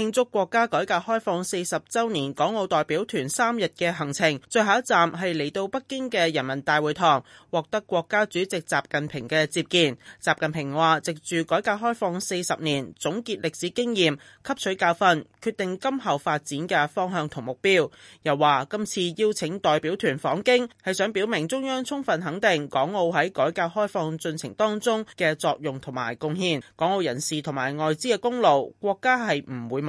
慶祝國家改革開放四十周年，港澳代表團三日嘅行程，最後一站係嚟到北京嘅人民大會堂，獲得國家主席習近平嘅接見。習近平話，藉住改革開放四十年，總結歷史經驗，吸取教訓，決定今後發展嘅方向同目標。又話今次邀請代表團訪京，係想表明中央充分肯定港澳喺改革開放進程當中嘅作用同埋貢獻，港澳人士同埋外資嘅功勞，國家係唔會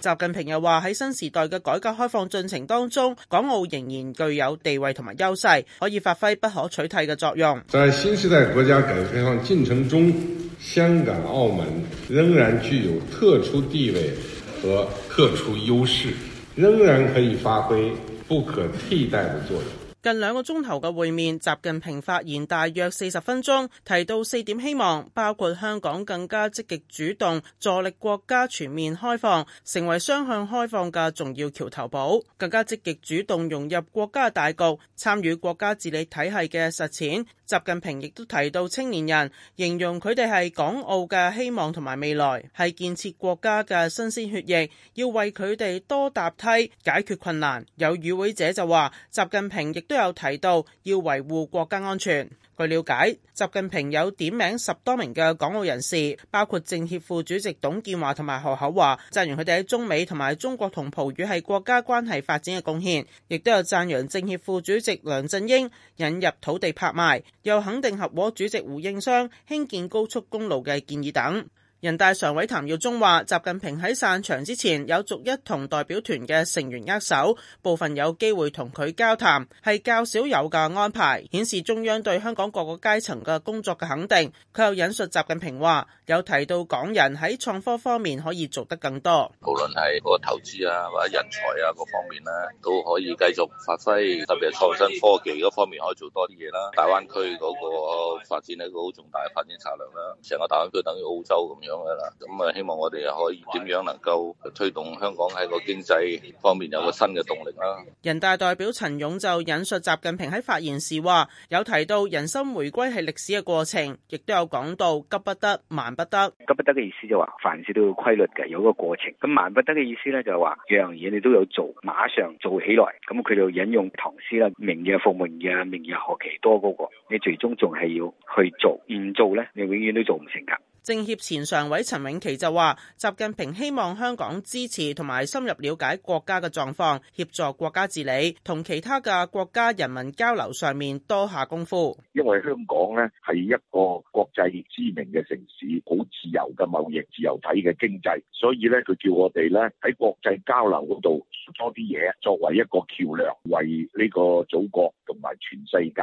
習近平又話喺新時代嘅改革開放進程當中，港澳仍然具有地位同埋優勢，可以發揮不可取替嘅作用。在新時代國家改革開放進程中，香港、澳門仍然具有特殊地位和特殊優勢，仍然可以發揮不可替代的作用。近兩個鐘頭嘅會面，習近平發言大約四十分鐘，提到四點希望，包括香港更加積極主動，助力國家全面開放，成為雙向開放嘅重要橋頭堡；更加積極主動融入國家大局，參與國家治理體系嘅實踐。習近平亦都提到青年人，形容佢哋係港澳嘅希望同埋未來，係建設國家嘅新鮮血液，要為佢哋多搭梯，解決困難。有與會者就話，習近平亦都有提到要維護國家安全。據了解，習近平有點名十多名嘅港澳人士，包括政協副主席董建華同埋何厚華，讚揚佢哋喺中美同埋中國同葡語系國家關係發展嘅貢獻，亦都有讚揚政協副主席梁振英引入土地拍賣，又肯定合和主席胡應湘興建高速公路嘅建議等。人大常委譚耀宗話：習近平喺散場之前有逐一同代表團嘅成員握手，部分有機會同佢交談，係較少有嘅安排，顯示中央對香港各個階層嘅工作嘅肯定。佢又引述習近平話，有提到港人喺創科方面可以做得更多，無論係嗰個投資啊或者人才啊各方面咧，都可以繼續發揮，特別係創新科技嗰方面可以做多啲嘢啦。大灣區嗰個發展係一個好重大嘅發展策略啦，成個大灣區等於澳洲咁樣。咁啊，希望我哋可以點樣能夠推動香港喺個經濟方面有個新嘅動力啦。人大代表陳勇就引述習近平喺發言時話，有提到人心回歸係歷史嘅過程，亦都有講到急不得、慢不得。急不得嘅意思就話、是、凡事都要規律嘅，有個過程。咁慢不得嘅意思咧、就是，就話嘢嘢你都有做，馬上做起來。咁佢就引用唐詩啦：明日復明日，明日何其多嗰、那個。你最終仲係要去做，唔做咧，你永遠都做唔成噶。政協前常委陳永琪就話，習近平希望香港支持同埋深入了解國家嘅狀況，協助國家治理，同其他嘅國家人民交流上面多下功夫。因為香港咧係一個國際知名嘅城市，好自由嘅貿易自由體嘅經濟，所以咧佢叫我哋咧喺國際交流嗰度多啲嘢，作為一個橋樑，為呢個祖國同埋全世界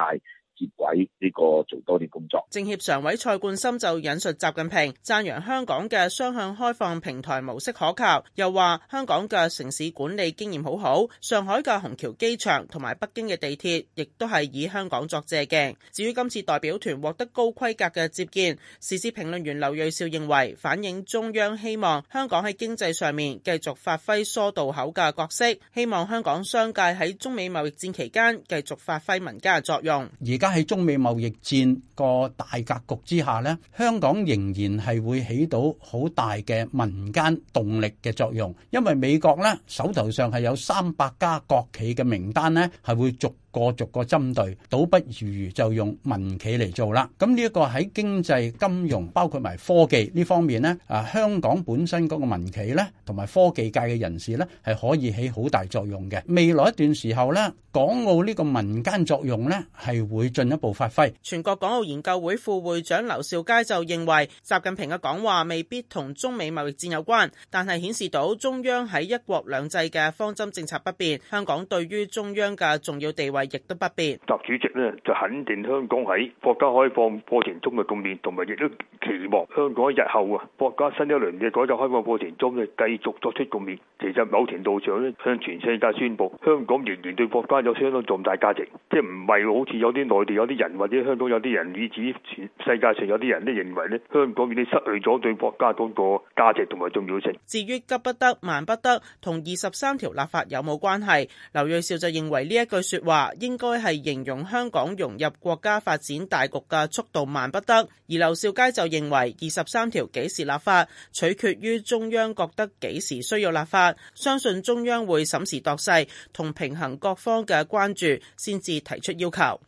接軌呢個做多啲工作。政協常委蔡冠深就引述習近平，讚揚香港嘅雙向開放平台模式可靠，又話香港嘅城市管理經驗好好。上海嘅虹橋機場同埋北京嘅地鐵亦都係以香港作借鏡。至於今次代表團獲得高規格嘅接見，時事評論員劉銳紹認為反映中央希望香港喺經濟上面繼續發揮疏導口嘅角色，希望香港商界喺中美貿易戰期間繼續發揮民間嘅作用。而家。喺中美貿易戰個大格局之下，呢香港仍然係會起到好大嘅民間動力嘅作用，因為美國呢手頭上係有三百家國企嘅名單，呢係會逐個逐個針對，倒不如就用民企嚟做啦。咁呢一個喺經濟、金融，包括埋科技呢方面呢，啊香港本身嗰個民企呢，同埋科技界嘅人士呢，係可以起好大作用嘅。未來一段時候呢，港澳呢個民間作用呢，係會進一步發揮。全國港澳研究會副會長劉兆佳就認為，習近平嘅講話未必同中美貿易戰有關，但係顯示到中央喺一國兩制嘅方針政策不變，香港對於中央嘅重要地位，亦都不變。習主席呢就肯定香港喺國家開放過程中嘅貢獻，同埋亦都期望香港喺日後啊，國家新一輪嘅改革開放過程中繼續作出貢獻。其實某程度上呢，向全世界宣布，香港仍然對國家有相當重大價值，即係唔係好似有啲內地有啲人，或者香港有啲人，以至於全世界上有啲人咧認為呢，香港已經失去咗對國家嗰個價值同埋重要性。至於急不得、慢不得同二十三條立法有冇關係，劉銳紹就認為呢一句說話，應該係形容香港融入國家發展大局嘅速度慢不得，而劉兆佳就認為二十三條幾時立法，取決於中央覺得幾時需要立法，相信中央會審時度勢同平衡各方嘅關注，先至提出要求。